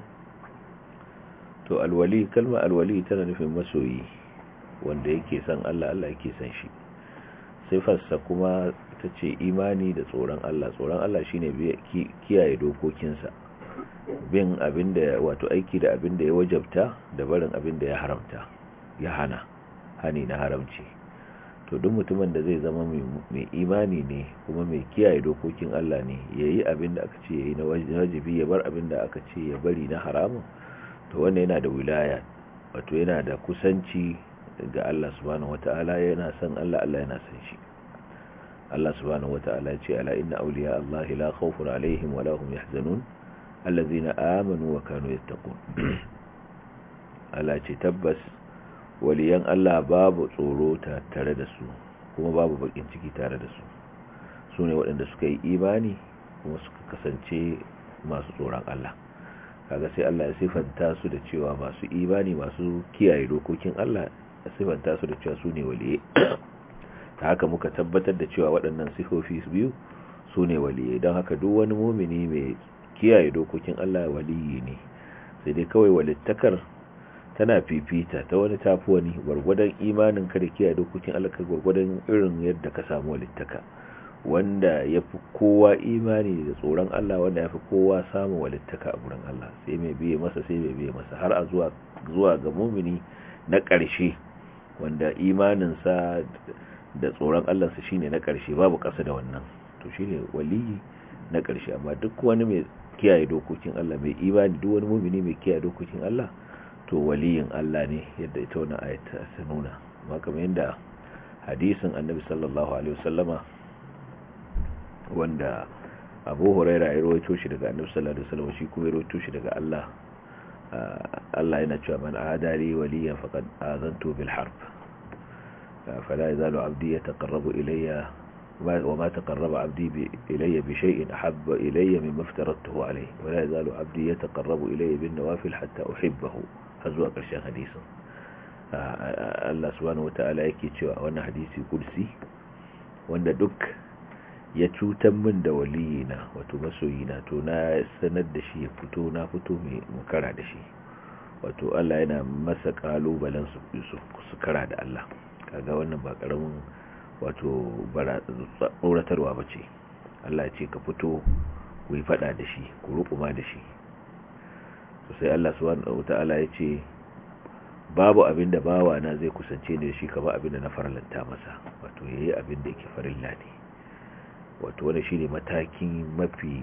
to alwali kalma alwali tana nufin masoyi wanda yake san Allah Allah yake san shi sai sifarsa kuma ta ce imani da tsoron Allah tsoron Allah shine kiyaye dokokinsa bin abinda wato aiki da abinda ya wajabta da barin abinda ya haramta ya hana hani na haramci to duk mutumin da zai zama mai imani ne kuma mai kiyaye dokokin Allah ne yayi abinda aka ce yayi na wajibi ya bar abinda aka ce ya bari na haramun to wannan yana da wilaya wato yana da kusanci ga Allah subhanahu wata'ala yana san Allah Allah yana san shi Allah subhanahu wata'ala ya ce ala inna awliya Allah la khawfun alaihim wa lahum yahzanun allazina amanu wa kanu yattaqun Allah ce tabbas waliyan Allah babu tsoro tare da su kuma babu bakin ciki tare da su sune ne waɗanda suka yi imani kuma suka kasance masu tsoron Allah kaga sai Allah ya sifanta su da cewa masu imani masu kiyaye dokokin Allah ya sifanta su da cewa su ne waliye ta haka muka tabbatar da cewa waɗannan sifofi biyu su ne waliye don haka duk wani mumini mai kiyaye dokokin Allah waliyi ne sai dai kawai walittakar tana fifita ta wani tafi wani gwargwadon imanin ka da kiyaye dokokin Allah ka gwargwadon irin yadda ka samu walittaka wanda ya fi kowa imani da tsoron Allah wanda ya fi kowa samun walittaka a gurin Allah sai mai biye masa sai mai biye masa har a zuwa ga mumini na ƙarshe wanda imaninsa da tsoron Allahnsa shine na ƙarshe babu ƙasa da wannan to shine waliyi na ƙarshe amma duk wani mai kiyaye dokokin Allah mai imani duk wani mumini mai kiyaye dokokin Allah to waliyin Allah ne yadda ita wannan ayata ta nuna amma kamar yadda hadisin Annabi sallallahu alaihi wasallama wanda abu huraira ya rawaito shi daga annabi sallallahu alaihi wasallam shi kuma ya rawaito shi daga Allah Allah yana cewa man adari waliya faqad azantu bil harb fala yazalu abdi yataqarrabu ilayya وما تقرب عبدي إلي بشيء أحب إلي مما افترضته عليه ولا يزال عبدي يتقرب إلي بالنوافل حتى أحبه هزوى قرشان حديثا الله سبحانه وتعالى يكي تشوى وانا حديثي قدسي وانا دك ya cutar min da waliyina wato masoyina to na sanar da shi ya fito na fito mai kara da shi wato Allah yana masa kalubalen su su kara da Allah kaga wannan ba karamin wato tsoratarwa ba ce Allah ce ka fito ku yi fada da shi ku rukuma da shi sai Allah subhanahu wataala ya ce babu abin da na zai kusance da shi ba abin da na faralanta masa wato yayi abin da yake farin ne wato wani shine matakin mafi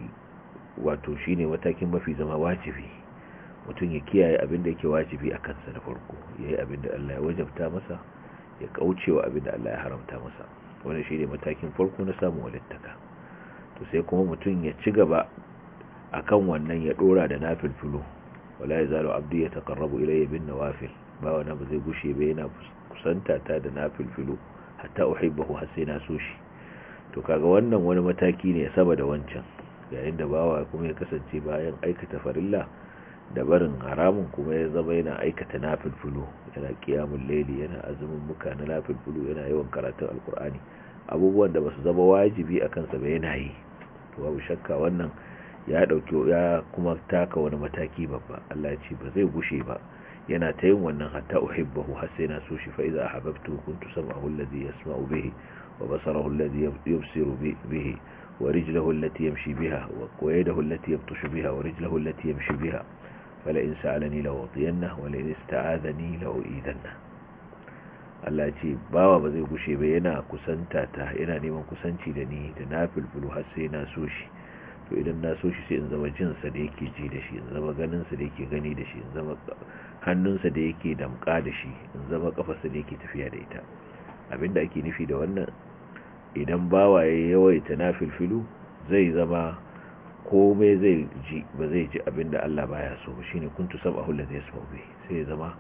wato shine matakin mafi zama wajibi mutum ya kiyaye abin da yake wajibi a kansa da farko yayi abin da Allah ya wajabta masa ya kaucewa abin da Allah ya haramta masa wani shine matakin farko na samun walittaka to sai kuma mutum ya ci gaba akan wannan ya dora da nafilfilo wala ya abdi yataqarrabu ilayya bin nawafil ba wani ba zai gushe ba yana kusanta ta da nafilfilo hatta uhibbahu har sai na so shi to kaga wannan wani mataki ne saboda da wancan yayin da bawa kuma ya kasance bayan aikata farilla da barin haramun kuma ya zama yana aikata nafilfulu yana kiyamun laili yana azumin muka na nafilfulu yana yawan karatun alkur'ani abubuwan da basu zama wajibi a kansa ba yana yi to babu shakka wannan ya dauki ya kuma taka wani mataki babba Allah ya ce ba zai gushe ba yana ta yin wannan hatta uhibbahu har sai na so shi fa iza ahbabtu kuntu sam'ahu alladhi yasma'u bihi وبصره الذي يبصر به ورجله التي يمشي بها ويده التي يبطش بها ورجله التي يمشي بها فلئن سألني أطينه ولئن استعاذني لأؤيذنه Allah ce bawa ba zai gushe ba yana kusanta ta yana neman kusanci da ni da na filfilu har sai na so shi to idan na so shi sai in zama jinsa da yake ji da shi in zama ganinsa da yake gani da shi in zama hannunsa da yake damka da shi in zama kafarsa da yake tafiya da ita abinda ake nufi da wannan idan bawa ya yawaita nafilfilu zai zama komai zai ji ba zai ji abinda Allah baya so shine kuntu sab'ahu allazi yasma'u bihi sai ya zama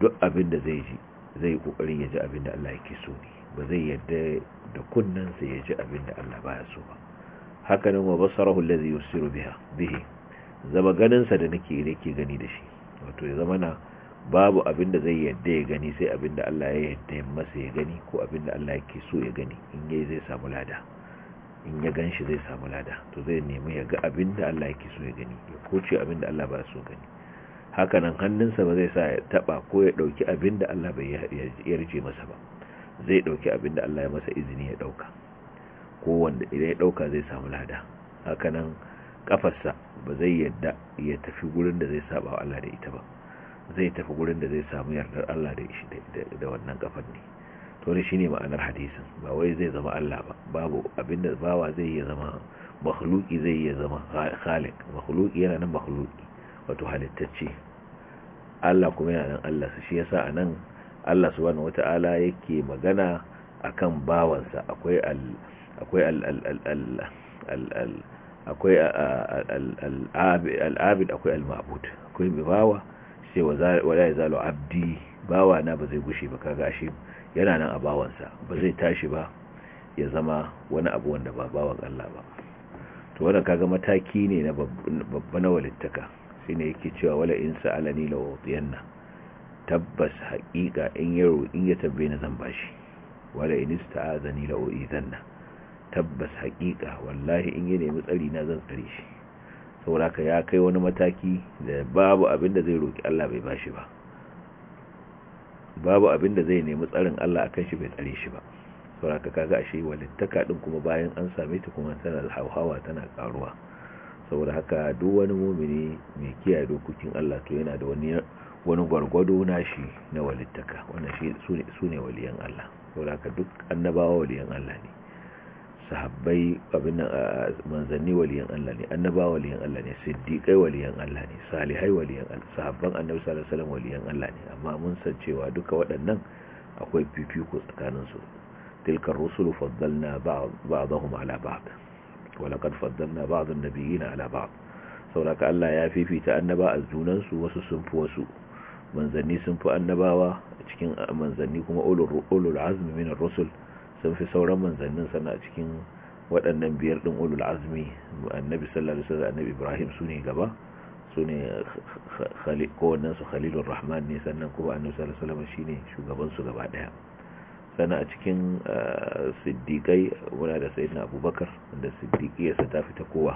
duk abinda zai ji zai kokarin ya ji abinda Allah yake so ne ba zai yadda da sai ya ji abinda Allah baya so ba haka nan wa basarahu allazi yusiru biha bihi zama ganinsa da nake nake gani da shi wato ya zama na babu abin da zai yadda ya gani sai abin da Allah ya yadda ya masa ya gani ko abin da Allah yake so ya gani in yayi zai samu lada in ya ganshi zai samu lada to zai nemi ya ga abin da Allah yake so ya gani ya koce abin da Allah ba so gani hakanan hannunsa ba zai sa ya taba ko ya dauki abin da Allah bai yarje masa ba zai dauki abin da Allah ya masa izini ya dauka ko wanda idan ya dauka zai samu lada hakanan kafarsa ba zai yadda ya tafi gurin da zai saba wa Allah da ita ba zai tafi gurin da zai samu yardar Allah da shi da wannan kafan ne to ne shine ma'anar hadisin ba wai zai zama Allah ba babu abinda bawa zai iya zama makhluki zai iya zama khaliq makhluki yana nan makhluki wato halittacce Allah kuma yana nan Allah shi yasa anan Allah subhanahu wata'ala yake magana akan bawansa akwai al akwai al al al al akwai al-abid akwai al-ma'bud akwai bawa sai wala ya zalo abdi bawa na ba zai gushe ba kaga shi yana nan a bawansa ba zai tashi ba ya zama wani abu wanda ba bawan Allah ba to wannan kaga mataki ne na babba na walittaka shine yake cewa wala in sa'alani la wutiyanna tabbas haqiqa in yaro in ya tabbe ni zan bashi wala in ista'azani la uizanna tabbas haqiqa wallahi in ya nemi tsari na zan tsare shi sauraka ya kai wani mataki da babu abin da zai roki Allah bai bashi ba babu abin da zai nemi tsarin Allah akan shi bai tsare shi ba ka kaga ashe walittaka din kuma bayan an same ta kuma tana hauhawa tana karuwa saboda haka duk wani mumini mai kiyaye dokokin Allah to yana da wani wani gwargwado nashi na walittaka wannan shi su waliyan Allah saboda haka duk annabawa waliyan Allah ne sahabbai abin manzanni waliyan Allah ne annaba waliyan Allah ne siddiqai waliyan Allah ne salihai waliyan Allah sahabban annabi sallallahu alaihi wasallam waliyan Allah ne amma mun san cewa duka waɗannan akwai fifiko tsakanin su tilkar rusulu faddalna ba'dahum ala ba'd wa laqad faddalna ba'd an-nabiyina ala ba'd saboda Allah ya fifita annaba a su wasu sun fi wasu manzanni sun fi annabawa cikin manzanni kuma ulul azmi minar rusul sun fi sauran manzannin sana a cikin waɗannan biyar ɗin ulul azmi annabi sallallahu alaihi wasallam annabi ibrahim su ne gaba su ne kowannen su khalilur rahman ne sannan kuma annabi sallallahu alaihi wasallam shine shugaban su gaba daya sana a cikin ah, siddiqai wala da sayyidina abubakar da siddiqiyarsa ta fita kowa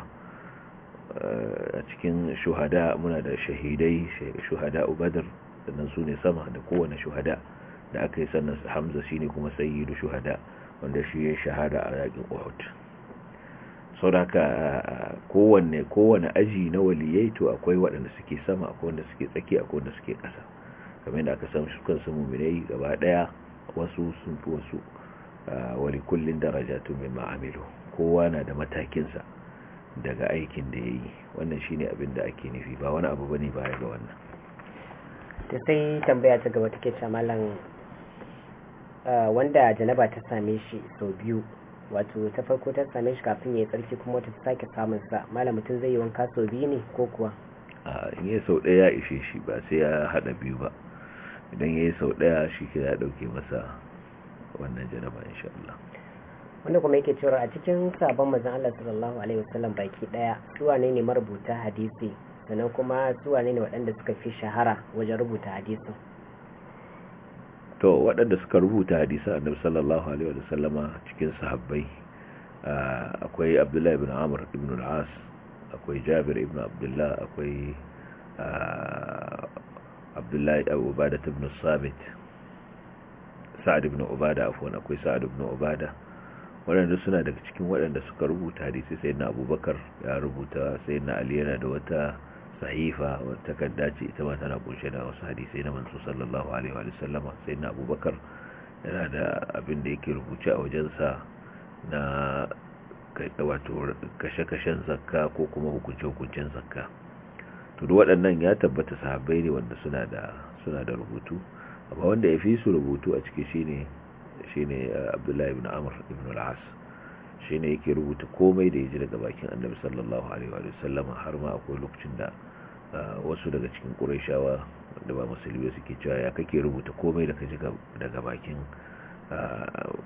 ah, a cikin shuhada muna da shahidai shuhada ubadar sannan su ne sama da kowane shuhada da aka yi sannan hamza shi ne kuma da shuhada wanda shi ya shahada a yakin uhud sauraka kowanne kowanne aji na waliyai to akwai waɗanda suke sama akwai wanda suke tsaki akwai wanda suke ƙasa kamar yadda aka san shukan su muminai gaba ɗaya wasu sun fi wasu wali kullun darajatu mai ma'amilu kowa na da matakinsa daga aikin da yayi wannan shine abin da ake nufi ba wani abu bane baya ga wannan ta sai tambaya ta gaba take ce malam wanda janaba ta same shi sau biyu wato ta farko ta same shi kafin ya yi tsarki kuma ta sake samun sa malam mutum zai yi wanka sau biyu ne ko kuwa a in yi sau ɗaya ishe shi ba sai ya haɗa biyu ba idan ya yi sau ɗaya shi ke ya ɗauke masa wannan janaba insha Allah wanda kuma yake cewa a cikin sabon mazan Allah sallallahu alaihi wasallam baki ɗaya suwa ne ne marubuta hadisi sannan kuma suwa ne ne waɗanda suka fi shahara wajen rubuta hadisin to waɗanda suka rubuta hadisi annabi sallallahu alaihi wa sallama cikin sahabbai akwai abdullahi ibn amr ibn al-as akwai jabir ibn abdullah akwai abdullahi abu ubada ibn sabit sa'ad ibn ubada afwan akwai sa'ad ibn ubada waɗanda suna daga cikin waɗanda suka rubuta hadisi sayyidina abubakar ya rubuta sayyidina ali yana da wata sahifa wata takarda ce ita ma tana kunshe da wasu hadisai na manzo sallallahu alaihi wa sallama sai na abubakar yana da abin da yake rubuce a wajensa na wato kashe-kashen zakka ko kuma hukunce-hukuncen zakka to duk waɗannan ya tabbata sahabbai ne wanda suna da suna da rubutu amma wanda ya fi su rubutu a ciki shine shine eh, Abdullah ibn Amr ibn al-As shine yake rubuta komai da ya ji daga bakin Annabi sallallahu alaihi wa sallama har ma akwai lokacin da wasu daga cikin ƙurashawa da ba musulmi suke cewa ya kake rubuta komai da kaji daga bakin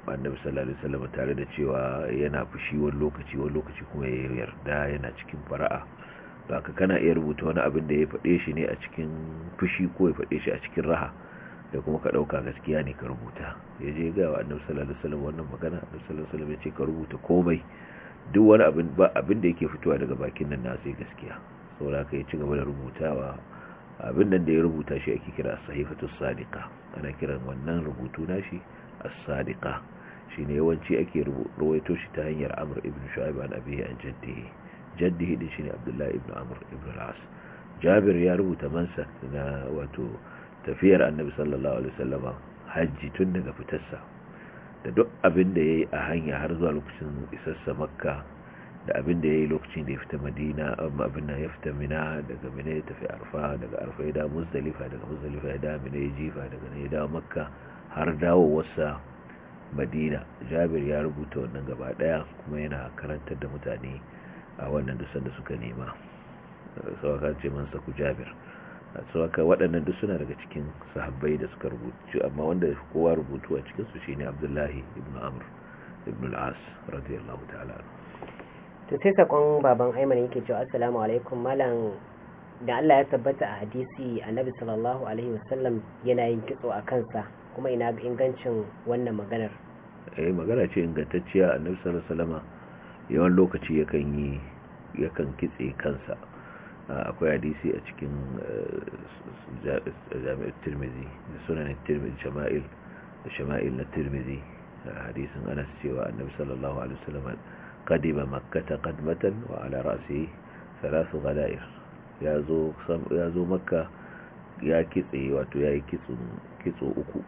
annabi sallallahu alaihi wasallam tare da cewa yana fushi wani lokaci wani lokaci kuma ya yarda yana cikin fara'a ba ka kana iya rubuta wani abin da ya faɗe shi ne a cikin fushi ko ya faɗe shi a cikin raha da kuma ka ɗauka gaskiya ne ka rubuta ya je ga wa annabi sallallahu alaihi wasallam wannan magana annabi sallallahu alaihi wasallam ya ce ka rubuta komai duk wani abin ba abin da yake fitowa daga bakin nan na sai gaskiya saura ka ya ci gaba da rubutawa abin nan da ya rubuta shi ake kira a sahifatu sadiqa ana kiran wannan rubutu nashi a sadiqa shine yawanci ake ruwaito shi ta hanyar amur ibn Shu'aib an abiyu an jaddihi jaddihi din ne abdullahi ibn amur ibn Jabir ya rubuta mansa na wato tafiyar Annabi sallallahu alaihi wasallam hajji tun daga fitarsa da duk abin da yi a hanya har zuwa lokacin isarsa Makka da abin da ya yi lokacin da ya fita madina amma abin nan ya fita mina daga mina ya tafi arfa daga arfa ya dawo muzdalifa daga muzdalifa ya dawo mina ya jifa daga nan ya dawo makka har dawo wasa madina jabir ya rubuta wannan gaba daya kuma yana karantar da mutane a wannan dusan da suka nema sauka ce man saku jabir sauka waɗannan duk suna daga cikin sahabbai da suka rubutu amma wanda kowa rubutu a cikinsu shine abdullahi ibn amr ibn al-as radiyallahu ta'ala to sai sakon baban aiman yake cewa assalamu alaikum malam da Allah ya tabbata a hadisi annabi sallallahu alaihi wasallam yana yin kitso a kansa kuma ina ga ingancin wannan maganar eh magana ce ingantacciya annabi sallallahu alaihi wasallama yawan lokaci yakan yi yakan kitse kansa akwai hadisi a cikin eh, jami'ar tirmidhi da sunan tirmidhi shama'il da shama'il na tirmidhi hadisin anas cewa annabi sallallahu alaihi wasallama قدم مكة قدمة وعلى رأسه ثلاث غدائر يا zo مكة يا kitse واتو يا yi kitso uku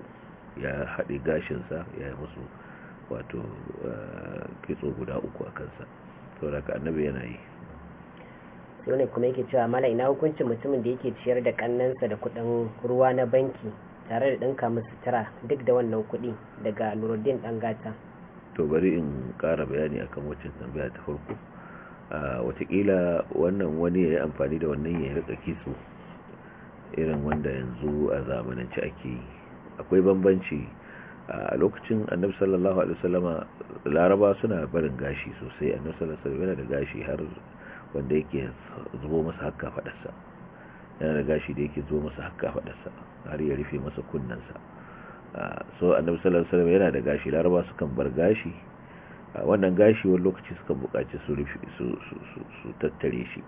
ya haɗe gashinsa ya yi musu wato kitso guda uku a kansa sauraka annabi yana yi kuma yake cewa mala ina hukuncin mutumin da yake ciyar da kannansa da kudin ruwa na banki tare da ɗinka musu tara duk da wannan kudi daga nuruddin ɗan gata to bari in kara bayani akan wacce tambaya ta farko a watakila wannan wani ya yi amfani da wannan ya rika kitso irin wanda yanzu a zamanance ake yi akwai bambanci a lokacin annabi sallallahu alaihi wasallama laraba suna barin gashi sosai annabi sallallahu alaihi wasallama da gashi har wanda yake zubo masa hakka fadarsa yana da gashi da yake zubo masa hakka fadarsa har ya rufe masa kunnensa so annabi sallallahu alaihi yana da gashi laraba su kan bar gashi wannan gashi wani lokaci sukan bukaci su su tattare shi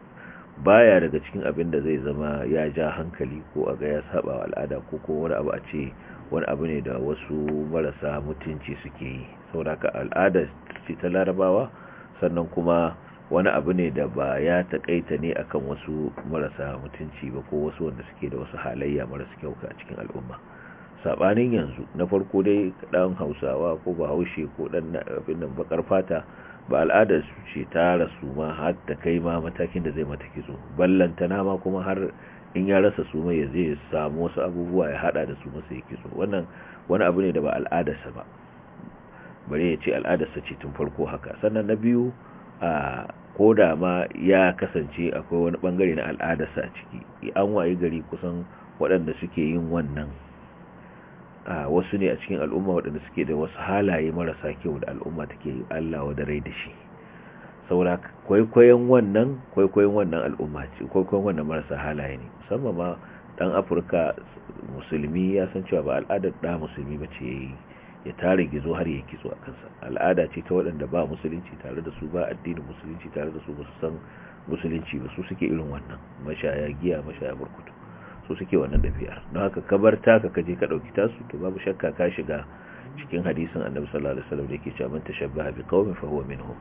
baya daga cikin abin da zai zama ya ja hankali ko a ga ya saba wa al'ada ko ko wani abu a ce wani abu ne da wasu marasa mutunci suke yi saboda ka al'ada ce ta larabawa sannan kuma wani abu ne da ba ya takaita ne akan wasu marasa mutunci ba ko wasu wanda suke da wasu halayya marasa kyau a cikin al'umma sabanin yanzu na farko dai dan hausawa ko bahaushe ko dan abin nan bakar fata ba al'adar su ce ta rasu ma har ta kai ma matakin da zai mata kitso ballantana ma kuma har in ya rasa su mai zai samu wasu abubuwa ya hada da su masa ya kitso wannan wani abu ne da ba al'adarsa ba bare ya ce al'adarsa ce tun farko haka sannan na biyu a ko da ma ya kasance akwai wani bangare na al'adarsa a ciki an wayi gari kusan waɗanda suke yin wannan wasu ne a cikin al'umma waɗanda suke da wasu halaye marasa kyau da al'umma take Allah wa da da shi saboda kwaikwayon wannan kwaikwayon wannan al'umma ce kwaikwayon wannan marasa halaye ne musamman ma dan Afirka musulmi ya san cewa ba al'adar da musulmi ba ce yayi ya tare gizo har ya kitso a kansa al'ada ce ta waɗanda ba musulunci tare da su ba addinin musulunci tare da su ba su san musulunci ba su suke irin wannan mashaya giya mashaya burkutu su suke wannan ɗabi'ar don haka kabar taka ka je ka ɗauki tasu to babu shakka ka shiga cikin hadisin annabi sallallahu alaihi wasallam da yake cewa man tashabbaha bi qaumin fa huwa minhum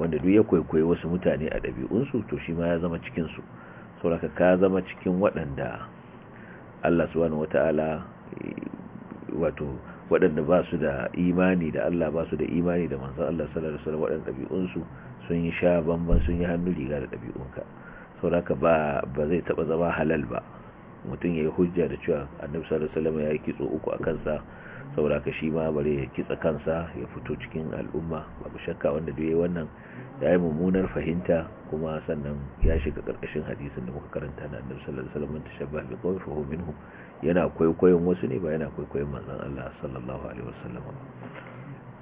wanda duk ya koyi wasu mutane a ɗabi'unsu to shi ma ya zama cikin su saboda ka zama cikin waɗanda Allah subhanahu wataala wato waɗanda ba su da imani da Allah ba su da imani da manzon Allah sallallahu alaihi wasallam waɗanda ɗabi'unsu sun yi sha bamban sun yi hannu riga da dabi'unka saboda ba ba zai taba zama halal ba mutum ya yi hujja da cewa annabi sallallahu alaihi wasallam ya yi kitso uku a kansa saboda ka shi ma bare ya kitsa kansa ya fito cikin al'umma babu shakka wanda duk wannan ya yi mummunar fahimta kuma sannan ya shiga karkashin hadisin da muka karanta na annabi sallallahu alaihi wasallam tashabbaha bi qawmi fa yana kwaikwayon wasu ne ba yana kwaikwayon manzon Allah sallallahu alaihi wasallam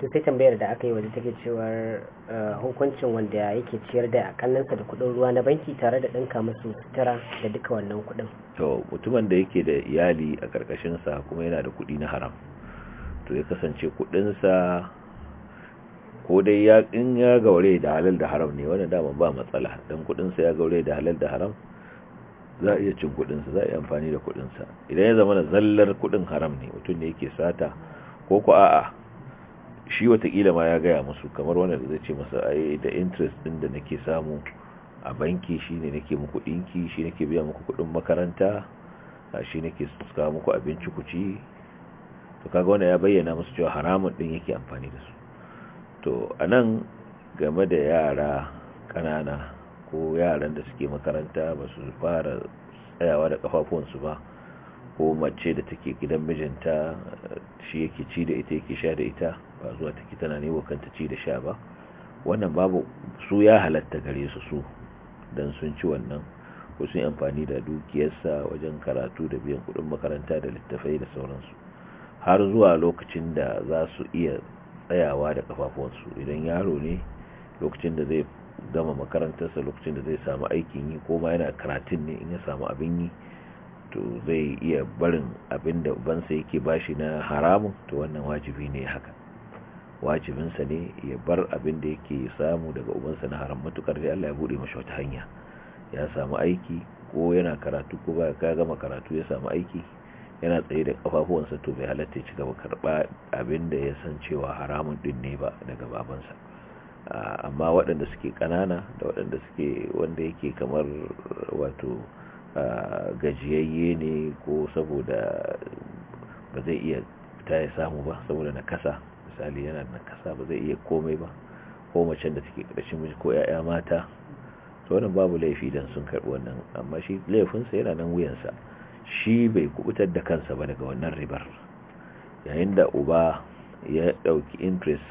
to sai tambayar da aka yi waje take cewar eh, hukuncin wanda yake ciyar da a akallansa da kudin ruwa na banki tare da ɗinka musu sutura da duka wannan kudin to mutumin da yake da iyali a ƙarƙashinsa kuma yana da kudi na haram to ya kasance kudinsa ko dai ya in ya gaure da halal da haram ne wannan dama ba matsala dan kudinsa ya gaure da halal da haram za a iya cin kudinsa za a iya amfani da kudinsa idan ya zama zallar kudin haram ne mutum ne yake sata ko ku a'a shi watakila ma ya gaya musu kamar wanda da zai ce masa ai da interest din da nake samu a banki shine nake muku dinki shi nake biya muku kudin makaranta shi nake suka muku abinci ku ci to kaga wanda ya bayyana musu cewa haramun din yake amfani da su to anan game da yara kanana ko yaran da suke makaranta ba su fara tsayawa da kafafuwansu ba ko mace da take gidan mijinta shi yake ci da ita yake sha da ita ba zuwa take tana wa kanta ci da sha ba wannan babu su ya halatta gare su su don sun ci wannan ko sun amfani da dukiyarsa wajen karatu da biyan kudin makaranta da littafai da sauransu har zuwa lokacin da za su iya tsayawa da kafafuwansu idan yaro ne lokacin da zai gama makarantarsa lokacin da zai samu aikin yi ko ma yana karatun ne in ya samu abin yi to zai iya barin abinda ubansa yake bashi na haramun to wannan wajibi ne haka wajibinsa ne ya bar abin da yake samu daga ubansa na haram matukar dai Allah ya bude masa wata hanya ya samu aiki ko yana karatu ko ba ka gama karatu ya samu aiki yana tsaye da kafafuwansa to bai halatta ya ci gaba karba abinda ya san cewa haramun din ne ba daga babansa amma waɗanda suke ƙanana da waɗanda suke wanda yake kamar wato gajiyayye ne ko saboda ba zai iya fita ya samu ba saboda na kasa misali yana da kasa ba zai iya komai ba ko macen da suke ƙarshen miji ko 'ya'ya mata to wannan babu laifi don sun karɓi wannan amma shi laifinsa yana nan wuyansa shi bai kubutar da kansa ba daga wannan ribar yayin da uba ya ɗauki interest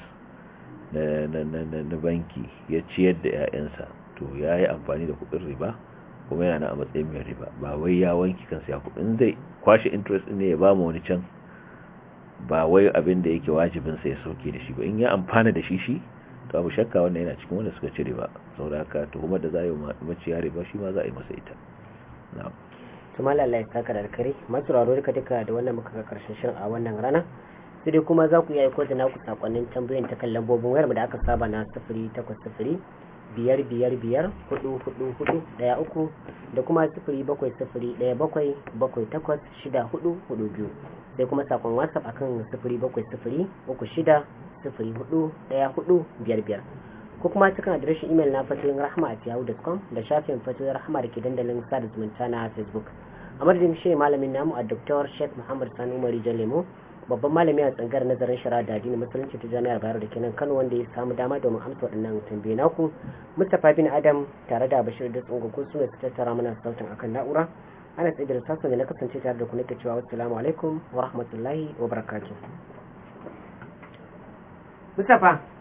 na banki ya ciyar da 'ya'yansa to ya yi amfani da kuɗin riba kuma yana a matsayin mai riba ba wai ya wanki kansa ya kuɗi in zai kwashe interest ne ya ba mu wani can ba wai abin da yake wajibin sa ya soke da shi ba in ya amfana da shi shi to abu shakka wannan yana cikin wanda suka ci riba saboda haka kuma da za a yi maciya riba shi ma za a yi masa ita na'am kuma lallai saka da alkari masu raro duka duka da wannan muka ga karshen shirin a wannan rana sai dai kuma za ku iya aiko da naku sakonnin tambayoyin ta kan lambobin wayar da aka saba na sifiri takwas sifiri biyar biyar biyar hudu hudu hudu daya uku da kuma sifiri bakwai sifiri daya bakwai bakwai takwas shida hudu hudu biyu sai kuma sakon whatsapp akan sifiri bakwai sifiri uku shida sifiri hudu daya hudu biyar biyar ko kuma cikin adireshin imel na fatoyin rahama a yahoo.com da shafin fatoyin rahama da ke dandalin sada zumunta na facebook a madadin shi malamin namu a dr sheikh muhammad sani marijan lemo babban malami a tsangar nazarin shari'a da addinin musulunci ta jami'ar bayar da kenan kano wanda ya samu dama domin amsa waɗannan tambaye naku mustapha bin adam tare da bashir da tsungugu su ne su tattara mana sautin akan na'ura ana tsaye da sassan da na kasance tare da ku nake cewa wassalamu alaikum wa rahmatullahi wa barakatuh mustapha